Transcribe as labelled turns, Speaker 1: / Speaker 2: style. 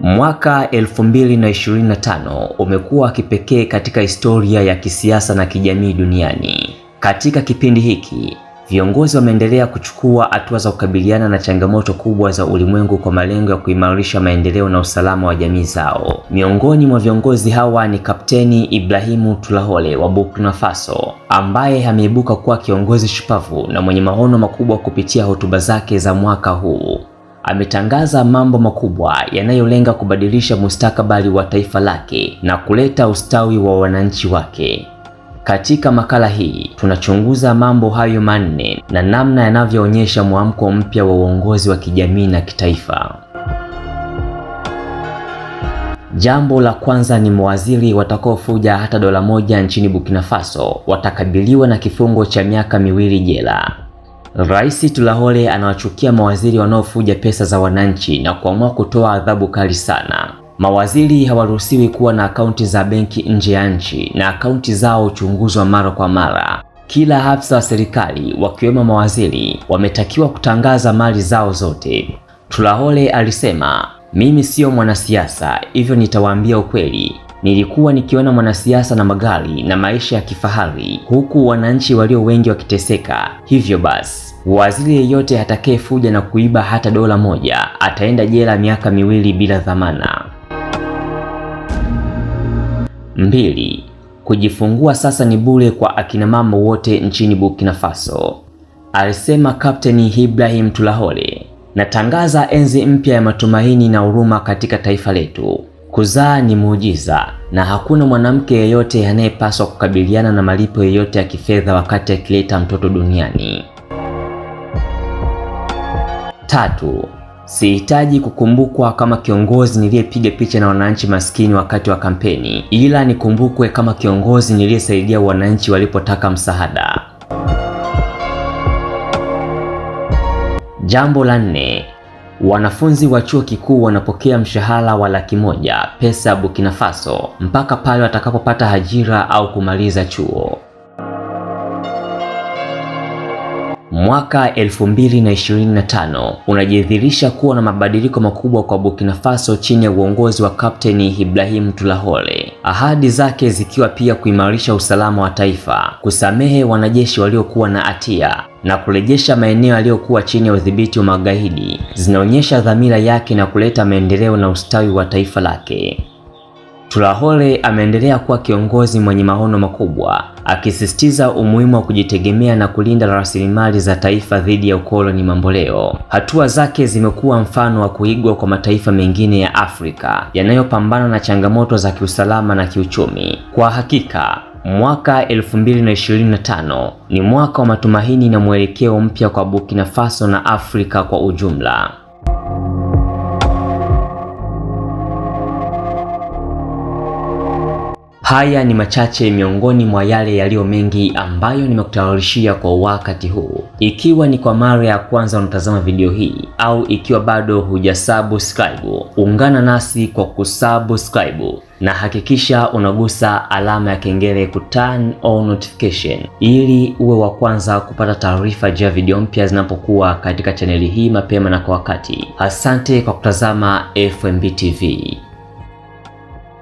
Speaker 1: Mwaka 2025 umekuwa kipekee katika historia ya kisiasa na kijamii duniani. Katika kipindi hiki, viongozi wameendelea kuchukua hatua za kukabiliana na changamoto kubwa za ulimwengu kwa malengo ya kuimarisha maendeleo na usalama wa jamii zao. Miongoni mwa viongozi hawa ni Kapteni Ibrahimu Traore wa Burkina Faso, ambaye ameibuka kuwa kiongozi shupavu na mwenye maono makubwa kupitia hotuba zake za mwaka huu ametangaza mambo makubwa yanayolenga kubadilisha mustakabali wa taifa lake na kuleta ustawi wa wananchi wake. Katika makala hii tunachunguza mambo hayo manne na namna yanavyoonyesha mwamko mpya wa uongozi wa kijamii na kitaifa. Jambo la kwanza ni mawaziri watakaofuja hata dola moja nchini Burkina Faso watakabiliwa na kifungo cha miaka miwili jela. Rais Tulahole anawachukia mawaziri wanaofuja pesa za wananchi na kuamua kutoa adhabu kali sana. Mawaziri hawaruhusiwi kuwa na akaunti za benki nje ya nchi na akaunti zao huchunguzwa mara kwa mara. Kila afisa wa serikali wakiwemo mawaziri wametakiwa kutangaza mali zao zote. Tulahole alisema, mimi siyo mwanasiasa, hivyo nitawaambia ukweli. Nilikuwa nikiona mwanasiasa na magari na maisha ya kifahari, huku wananchi walio wengi wakiteseka. Hivyo basi Waziri yeyote atakayefuja na kuiba hata dola moja ataenda jela miaka miwili bila dhamana. Mbili, kujifungua sasa ni bure kwa akina mama wote nchini Burkina Faso, alisema Kapteni Ibrahim Tulahole. Natangaza enzi mpya ya matumaini na huruma katika taifa letu. Kuzaa ni muujiza na hakuna mwanamke yeyote anayepaswa kukabiliana na malipo yeyote ya kifedha wakati akileta mtoto duniani. Tatu, sihitaji kukumbukwa kama kiongozi niliyepiga picha na wananchi maskini wakati wa kampeni, ila nikumbukwe kama kiongozi niliyesaidia wananchi walipotaka msaada. Jambo la nne, wanafunzi wa chuo kikuu wanapokea mshahara wa laki moja pesa ya Burkina Faso mpaka pale watakapopata ajira au kumaliza chuo. Mwaka 2025 unajidhihirisha kuwa na mabadiliko makubwa kwa Burkina Faso chini ya uongozi wa Kapteni Ibrahim Traore, ahadi zake zikiwa pia kuimarisha usalama wa taifa, kusamehe wanajeshi waliokuwa na hatia na kurejesha maeneo yaliyokuwa chini ya udhibiti wa magaidi, zinaonyesha dhamira yake na kuleta maendeleo na ustawi wa taifa lake. Traore ameendelea kuwa kiongozi mwenye maono makubwa, akisisitiza umuhimu wa kujitegemea na kulinda rasilimali za taifa dhidi ya ukoloni mamboleo. Hatua zake zimekuwa mfano wa kuigwa kwa mataifa mengine ya Afrika yanayopambana na changamoto za kiusalama na kiuchumi. Kwa hakika, mwaka 2025 ni mwaka wa matumaini na mwelekeo mpya kwa Burkina Faso na Afrika kwa ujumla. Haya ni machache miongoni mwa yale yaliyo mengi ambayo nimekutayarishia kwa wakati huu. Ikiwa ni kwa mara ya kwanza unatazama video hii au ikiwa bado hujasubscribe, ungana nasi kwa kusubscribe na hakikisha unagusa alama ya kengele ku turn on notification ili uwe wa kwanza kupata taarifa juu ya video mpya zinapokuwa katika chaneli hii mapema na kwa wakati. Asante kwa kutazama FMB TV.